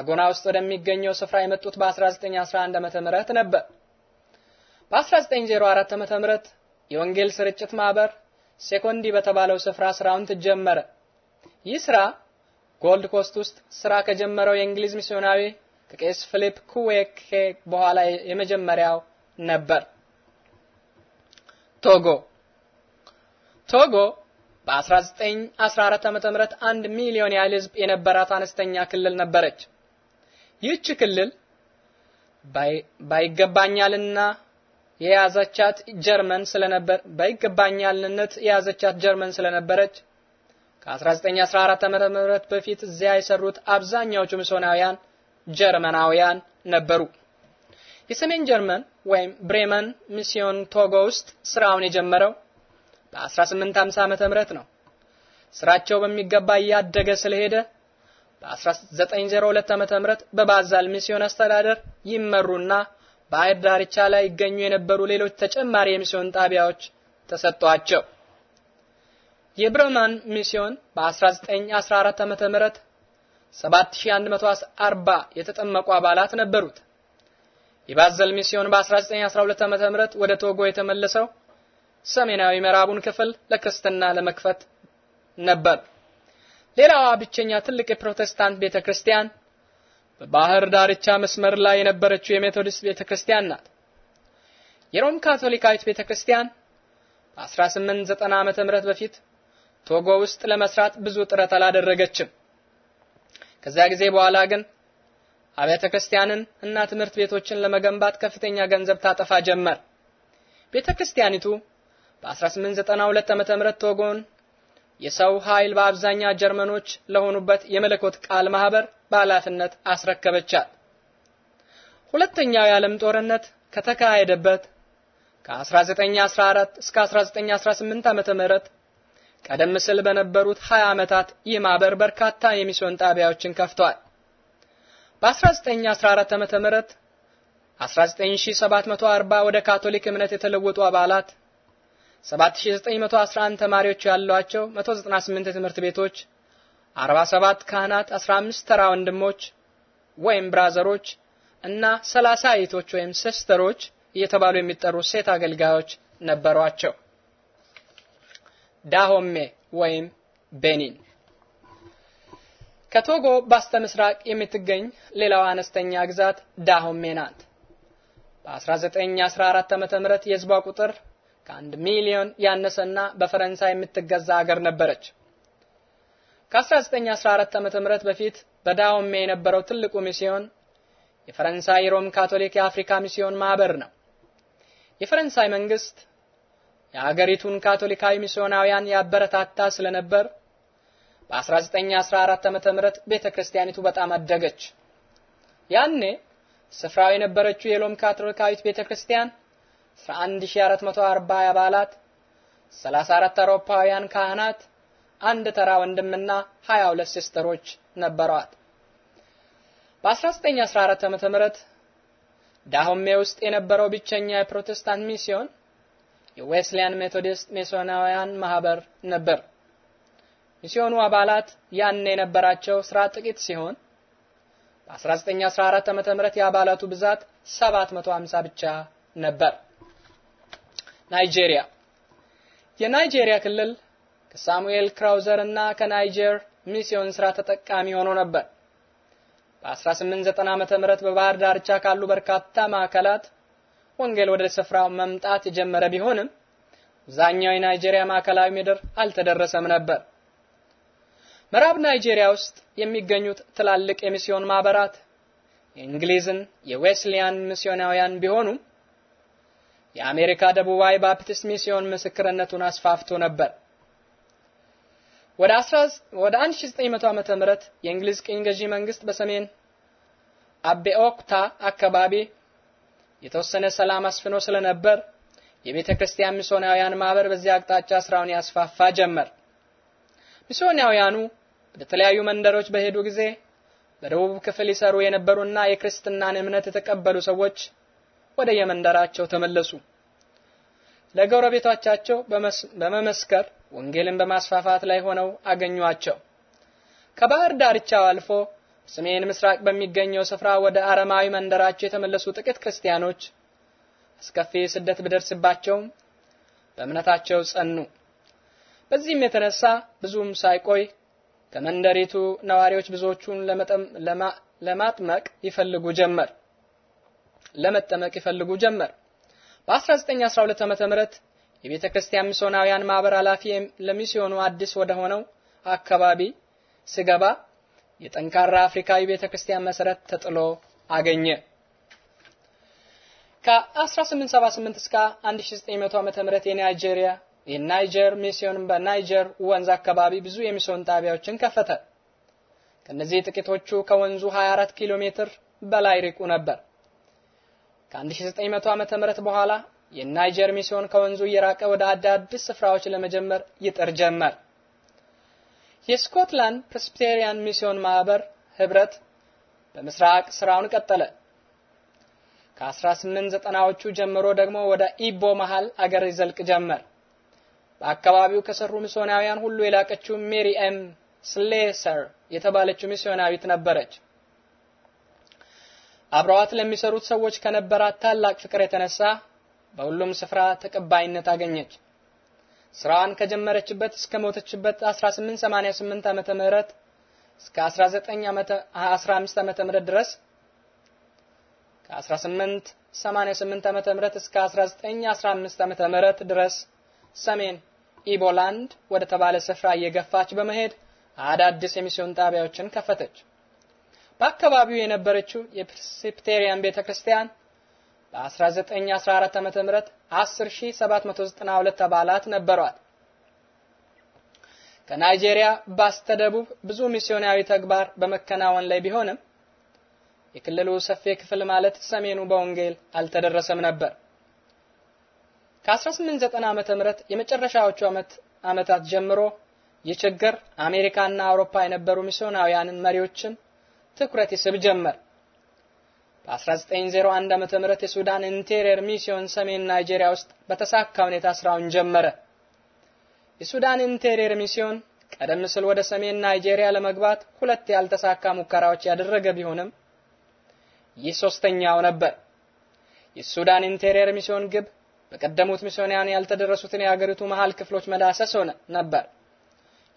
አጎና ውስጥ ወደሚገኘው ስፍራ የመጡት በ1911 ዓመተ ምህረት ነበር። በ1904 ዓመተ ምህረት የወንጌል ስርጭት ማህበር ሴኮንዲ በተባለው ስፍራ ስራውን ጀመረ። ይህ ስራ ጎልድ ኮስት ውስጥ ስራ ከጀመረው የእንግሊዝ ሚስዮናዊ ከቄስ ፊሊፕ ኩዌኬ በኋላ የመጀመሪያው ነበር። ቶጎ ቶጎ በ1914 ም አንድ ሚሊዮን ያህል ህዝብ የነበራት አነስተኛ ክልል ነበረች። ይህች ክልል ባይገባኛልና የያዘቻት ጀርመን ስለነበር ባይገባኛልነት የያዘቻት ጀርመን ስለነበረች ከ1914 ዓ.ም በፊት እዚያ የሰሩት አብዛኛዎቹ ሚስዮናውያን ጀርመናውያን ነበሩ። የሰሜን ጀርመን ወይም ብሬመን ሚስዮን ቶጎ ውስጥ ስራውን የጀመረው በ1850 ዓመተ ምህረት ነው። ስራቸው በሚገባ እያደገ ስለሄደ በ1902 ዓመተ ምህረት በባዛል ሚስዮን አስተዳደር ይመሩና በአይር ዳርቻ ላይ ይገኙ የነበሩ ሌሎች ተጨማሪ የሚስዮን ጣቢያዎች ተሰጧቸው። የብረማን ሚስዮን በ1914 ዓመተ ምህረት 7140 የተጠመቁ አባላት ነበሩት። የባዘል ሚስዮን በ1912 ዓመተ ምህረት ወደ ቶጎ የተመለሰው ሰሜናዊ ምዕራቡን ክፍል ለክርስትና ለመክፈት ነበር። ሌላዋ ብቸኛ ትልቅ የፕሮቴስታንት ቤተክርስቲያን በባህር ዳርቻ መስመር ላይ የነበረችው የሜቶዲስት ቤተክርስቲያን ናት። የሮም ካቶሊካዊት ቤተክርስቲያን በ1890 ዓመተ ምህረት በፊት ቶጎ ውስጥ ለመስራት ብዙ ጥረት አላደረገችም። ከዛ ጊዜ በኋላ ግን አብያተ ክርስቲያንን እና ትምህርት ቤቶችን ለመገንባት ከፍተኛ ገንዘብ ታጠፋ ጀመር። ቤተ ክርስቲያኒቱ በ1892 ዓም ምህረት ቶጎን የሰው ኃይል በአብዛኛው ጀርመኖች ለሆኑበት የመለኮት ቃል ማህበር በኃላፊነት አስረከበቻት። ሁለተኛው የዓለም ጦርነት ከተካሄደበት ከ1914 እስከ 1918 ዓ.ም ። ቀደም ሲል በነበሩት 20 ዓመታት ይህ ማህበር በርካታ የሚስዮን ጣቢያዎችን ከፍቷል። በ1914 ዓመተ ምህረት 19740 ወደ ካቶሊክ እምነት የተለወጡ አባላት 7911 ተማሪዎች ያሏቸው 198 ትምህርት ቤቶች 47 ካህናት 15 ተራ ወንድሞች ወይም ብራዘሮች እና 30 አይቶች ወይም ሲስተሮች እየተባሉ የሚጠሩ ሴት አገልጋዮች ነበሯቸው። ዳሆሜ ወይም ቤኒን። ከቶጎ በስተ ምስራቅ የምትገኝ ሌላው አነስተኛ ግዛት ዳሆሜ ናት። በ1914 ዓ.ም ምህረት የህዝቧ ቁጥር ከአንድ ሚሊዮን ያነሰና በፈረንሳይ የምትገዛ ሀገር ነበረች። ከ1914 ዓም ምህረት በፊት በዳሆሜ የነበረው ትልቁ ሚስዮን የፈረንሳይ ሮም ካቶሊክ የአፍሪካ ሚስዮን ማህበር ነው። የፈረንሳይ መንግስት የሀገሪቱን ካቶሊካዊ ሚስዮናውያን ያበረታታ ስለነበር በ1914 ም ቤተ ቤተክርስቲያኒቱ በጣም አደገች። ያኔ ስፍራው የነበረችው የሎም ካቶሊካዊት ቤተክርስቲያን 11440 አባላት፣ 34 አውሮፓውያን ካህናት፣ አንድ ተራ ወንድምና 22 ሲስተሮች ነበሯት። በ1914 ዓ ም ዳሆሜ ውስጥ የነበረው ብቸኛ የፕሮቴስታንት ሚስዮን የዌስሊያን ሜቶዲስት ሜሶናውያን ማህበር ነበር። ሚስዮኑ አባላት ያን የነበራቸው ስራ ጥቂት ሲሆን በ1914 ዓ.ም የአባላቱ ብዛት 750 ብቻ ነበር። ናይጄሪያ የናይጄሪያ ክልል ከሳሙኤል ክራውዘር እና ከናይጀር ሚስዮን ስራ ተጠቃሚ ሆኖ ነበር። በ1890 ዓ.ም በባህር ዳርቻ ካሉ በርካታ ማዕከላት ወንጌል ወደ ስፍራው መምጣት የጀመረ ቢሆንም አብዛኛው የናይጄሪያ ማዕከላዊ ምድር አልተደረሰም ነበር። ምዕራብ ናይጄሪያ ውስጥ የሚገኙት ትላልቅ የሚስዮን ማህበራት የእንግሊዝን የዌስሊያን ሚስዮናውያን ቢሆኑም የአሜሪካ ደቡባዊ ባፕቲስት ሚስዮን ምስክርነቱን አስፋፍቶ ነበር። ወደ 1900 ዓ.ም የእንግሊዝ ቅኝ ገዢ መንግስት በሰሜን አቤኦክታ አካባቢ የተወሰነ ሰላም አስፍኖ ስለነበር የቤተ ክርስቲያን ሚስዮናውያን ማህበር በዚህ አቅጣጫ ስራውን ያስፋፋ ጀመር። ሚስዮናውያኑ ወደ ተለያዩ መንደሮች በሄዱ ጊዜ በደቡብ ክፍል ይሰሩ የነበሩና የክርስትናን እምነት የተቀበሉ ሰዎች ወደ የመንደራቸው ተመለሱ። ለጎረቤቶቻቸው በመመስከር ወንጌልን በማስፋፋት ላይ ሆነው አገኟቸው። ከባህር ዳርቻው አልፎ ሰሜን ምስራቅ በሚገኘው ስፍራ ወደ አረማዊ መንደራቸው የተመለሱ ጥቂት ክርስቲያኖች አስከፊ ስደት ቢደርስባቸውም በእምነታቸው ጸኑ። በዚህም የተነሳ ብዙም ሳይቆይ ከመንደሪቱ ነዋሪዎች ብዙዎቹን ለማጥመቅ ይፈልጉ ጀመር ለመጠመቅ ይፈልጉ ጀመር። በ1912 ዓመተ ምህረት የቤተ ክርስቲያን ሚስዮናውያን ማህበር ኃላፊ ለሚስዮኑ አዲስ ወደ ሆነው አካባቢ ስገባ የጠንካራ አፍሪካዊ ቤተክርስቲያን መሰረት ተጥሎ አገኘ። ከ1878 እስከ 1900 ዓ.ም የናይጄሪያ የናይጀር ሚስዮን በናይጀር ወንዝ አካባቢ ብዙ የሚስዮን ጣቢያዎችን ከፈተ። ከነዚህ ጥቂቶቹ ከወንዙ 24 ኪሎ ሜትር በላይ ርቁ ነበር። ከ1900 ዓ.ም በኋላ የናይጀር ሚስዮን ከወንዙ እየራቀ ወደ አዳዲስ ስፍራዎች ለመጀመር ይጥር ጀመር። የስኮትላንድ ፕሬስቢቴሪያን ሚስዮን ማህበር ህብረት በምስራቅ ስራውን ቀጠለ። ከ1890ዎቹ ጀምሮ ደግሞ ወደ ኢቦ መሃል አገር ይዘልቅ ጀመር። በአካባቢው ከሰሩ ሚስዮናውያን ሁሉ የላቀችው ሜሪ ኤም ስሌሰር የተባለችው ሚስዮናዊት ነበረች። አብረዋት ለሚሰሩት ሰዎች ከነበራት ታላቅ ፍቅር የተነሳ በሁሉም ስፍራ ተቀባይነት አገኘች። ስራዋን ከጀመረችበት እስከ ሞተችበት 1888 ዓመተ ምህረት እስከ 19 ዓመተ 15 ዓመተ ምህረት ድረስ ከ1888 ዓመተ ምህረት እስከ 1915 ዓመተ ምህረት ድረስ ሰሜን ኢቦላንድ ወደ ተባለ ስፍራ እየገፋች በመሄድ አዳዲስ የሚስዮን ጣቢያዎችን ከፈተች። በአካባቢው የነበረችው የፕሬስቢቴሪያን ቤተክርስቲያን በ1914 ዓ.ም 10792 አባላት ነበሯት። ከናይጄሪያ ባስተደቡብ ብዙ ሚስዮናዊ ተግባር በመከናወን ላይ ቢሆንም የክልሉ ሰፊ ክፍል ማለት ሰሜኑ በወንጌል አልተደረሰም ነበር። ከ1890 ዓ.ም የመጨረሻዎቹ ዓመት ዓመታት ጀምሮ የችግር አሜሪካና አውሮፓ የነበሩ ሚስዮናውያንን መሪዎችን ትኩረት ይስብ ጀመር። በ1901 ዓ.ም የሱዳን ኢንቴሪየር ሚሲዮን ሰሜን ናይጄሪያ ውስጥ በተሳካ ሁኔታ ስራውን ጀመረ። የሱዳን ኢንቴሪየር ሚሲዮን ቀደም ሲል ወደ ሰሜን ናይጄሪያ ለመግባት ሁለት ያልተሳካ ሙከራዎች ያደረገ ቢሆንም ይህ ሶስተኛው ነበር። የሱዳን ኢንቴሪየር ሚሲዮን ግብ በቀደሙት ሚስዮናውያን ያልተደረሱትን የሀገሪቱ መሃል ክፍሎች መዳሰስ ሆነ ነበር።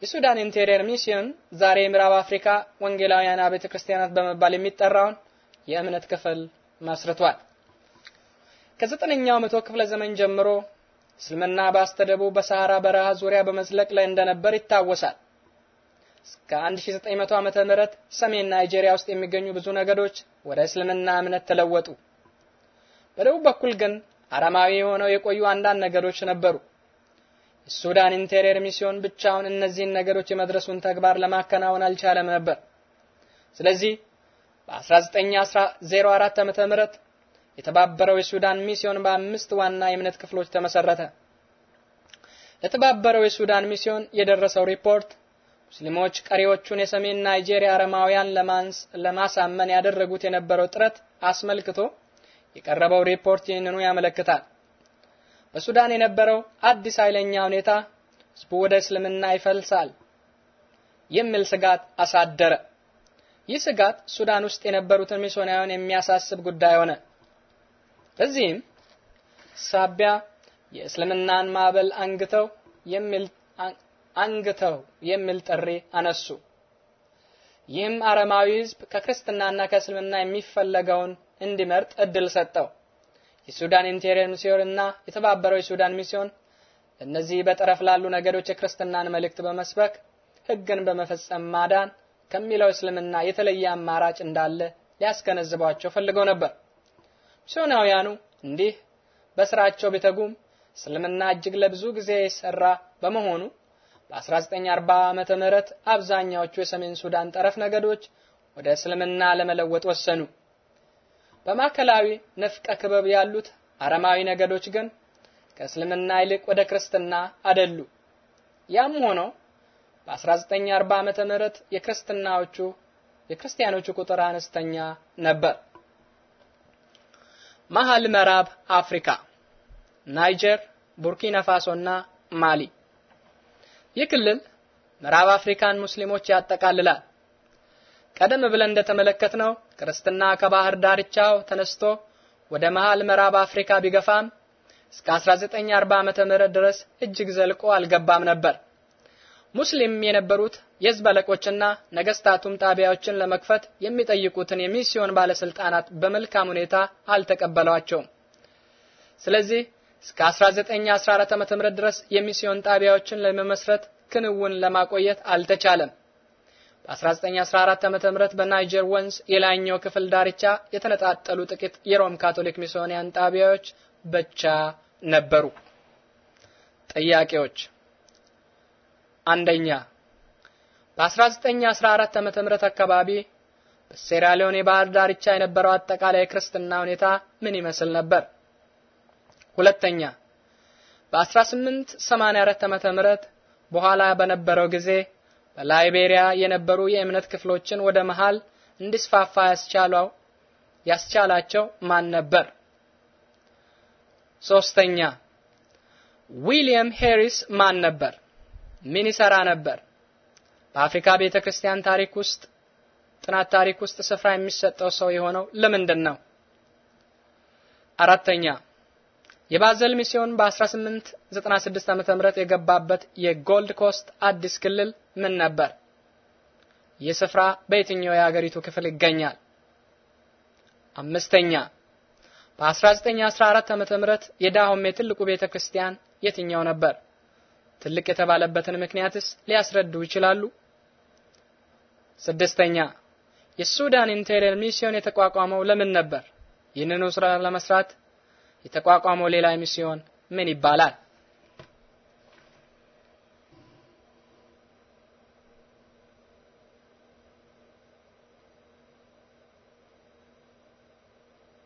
የሱዳን ኢንቴሪየር ሚሲዮን ዛሬ ምዕራብ አፍሪካ ወንጌላውያን ቤተ ክርስቲያናት በመባል የሚጠራውን የእምነት ክፍል መስርቷል። ከዘጠነኛው መቶ ክፍለ ዘመን ጀምሮ እስልምና በስተደቡብ በሰሃራ በረሃ ዙሪያ በመዝለቅ ላይ እንደነበር ይታወሳል። እስከ 1900 ዓመተ ምህረት ሰሜን ናይጄሪያ ውስጥ የሚገኙ ብዙ ነገዶች ወደ እስልምና እምነት ተለወጡ። በደቡብ በኩል ግን አረማዊ ሆነው የቆዩ አንዳንድ ነገዶች ነበሩ። የሱዳን ኢንቴሪየር ሚስዮን ብቻውን እነዚህን ነገዶች የመድረሱን ተግባር ለማከናወን አልቻለም ነበር። ስለዚህ በ1904 ዓ.ም የተባበረው የሱዳን ሚስዮን በአምስት ዋና የእምነት ክፍሎች ተመሰረተ። ለተባበረው የሱዳን ሚስዮን የደረሰው ሪፖርት ሙስሊሞች ቀሪዎቹን የሰሜን ናይጄሪያ አረማውያን ለማሳመን ያደረጉት የነበረው ጥረት አስመልክቶ የቀረበው ሪፖርት ይህንኑ ያመለክታል። በሱዳን የነበረው አዲስ ኃይለኛ ሁኔታ ህዝቡ ወደ እስልምና ይፈልሳል የሚል ስጋት አሳደረ። ይህ ስጋት ሱዳን ውስጥ የነበሩትን ሚስዮናውያን የሚያሳስብ ጉዳይ ሆነ። በዚህም ሳቢያ የእስልምናን ማዕበል አንግተው የሚል አንግተው የሚል ጥሪ አነሱ። ይህም አረማዊ ሕዝብ ከክርስትናና ከእስልምና የሚፈለገውን እንዲመርጥ እድል ሰጠው። የሱዳን ኢንቴሪየር ሚስዮን እና የተባበረው የሱዳን ሚስዮን እነዚህ በጠረፍ ላሉ ነገዶች የክርስትናን መልእክት በመስበክ ህግን በመፈጸም ማዳን ከሚለው እስልምና የተለየ አማራጭ እንዳለ ሊያስገነዝቧቸው ፈልገው ነበር። ሚስዮናውያኑ እንዲህ በስራቸው ቢተጉም እስልምና እጅግ ለብዙ ጊዜ የሰራ በመሆኑ በ1940 ዓመተ ምህረት አብዛኛዎቹ የሰሜን ሱዳን ጠረፍ ነገዶች ወደ እስልምና ለመለወጥ ወሰኑ። በማዕከላዊ ንፍቀ ክበብ ያሉት አረማዊ ነገዶች ግን ከእስልምና ይልቅ ወደ ክርስትና አደሉ። ያም ሆነው በ1940 ዓመተ ምህረት የክርስትናዎቹ የክርስቲያኖቹ ቁጥር አነስተኛ ነበር። መሀል ምዕራብ አፍሪካ ናይጀር፣ ቡርኪና እና ማሊ። ይህ ክልል ምዕራብ አፍሪካን ሙስሊሞች ያጠቃልላል። ቀደም ብለን እንደተመለከትነው ክርስትና ከባህር ዳርቻው ተነስቶ ወደ መሀል ምዕራብ አፍሪካ ቢገፋም እስከ 1940 ዓመተ ምህረት ድረስ እጅግ ዘልቆ አልገባም ነበር። ሙስሊም የነበሩት የሕዝብ አለቆችና ነገስታቱም ጣቢያዎችን ለመክፈት የሚጠይቁትን የሚስዮን ባለስልጣናት በመልካም ሁኔታ አልተቀበሏቸውም። ስለዚህ እስከ 1914 ዓ.ም ድረስ የሚስዮን ጣቢያዎችን ለመመስረት ክንውን ለማቆየት አልተቻለም። በ1914 ዓ.ም በናይጀር ወንዝ የላይኛው ክፍል ዳርቻ የተነጣጠሉ ጥቂት የሮም ካቶሊክ ሚስዮናውያን ጣቢያዎች ብቻ ነበሩ። ጥያቄዎች አንደኛ በ1914 ዓመተ ምህረት አካባቢ በሴራሊዮን የባህር ዳርቻ የነበረው አጠቃላይ የክርስትና ሁኔታ ምን ይመስል ነበር? ሁለተኛ በ1884 ዓመተ ምህረት በኋላ በነበረው ጊዜ በላይቤሪያ የነበሩ የእምነት ክፍሎችን ወደ መሃል እንዲስፋፋ ያስቻለው ያስቻላቸው ማን ነበር? ሶስተኛ ዊሊያም ሄሪስ ማን ነበር? ምን ይሰራ ነበር? በአፍሪካ ቤተክርስቲያን ታሪክ ውስጥ ጥናት ታሪክ ውስጥ ስፍራ የሚሰጠው ሰው የሆነው ለምንድን ነው? አራተኛ የባዘል ሚስዮን በ1896 ዓ.ም የገባበት የጎልድ ኮስት አዲስ ክልል ምን ነበር? ይህ ስፍራ በየትኛው የሀገሪቱ ክፍል ይገኛል? አምስተኛ በ1914 ዓ.ም የዳሆሜ ትልቁ ቤተክርስቲያን የትኛው ነበር? ትልቅ የተባለበትን ምክንያትስ ሊያስረዱ ይችላሉ? ስድስተኛ የሱዳን ኢንቴሪየር ሚስዮን የተቋቋመው ለምን ነበር? ይህንኑ ስራ ለመስራት የተቋቋመው ሌላ ሚስዮን ምን ይባላል?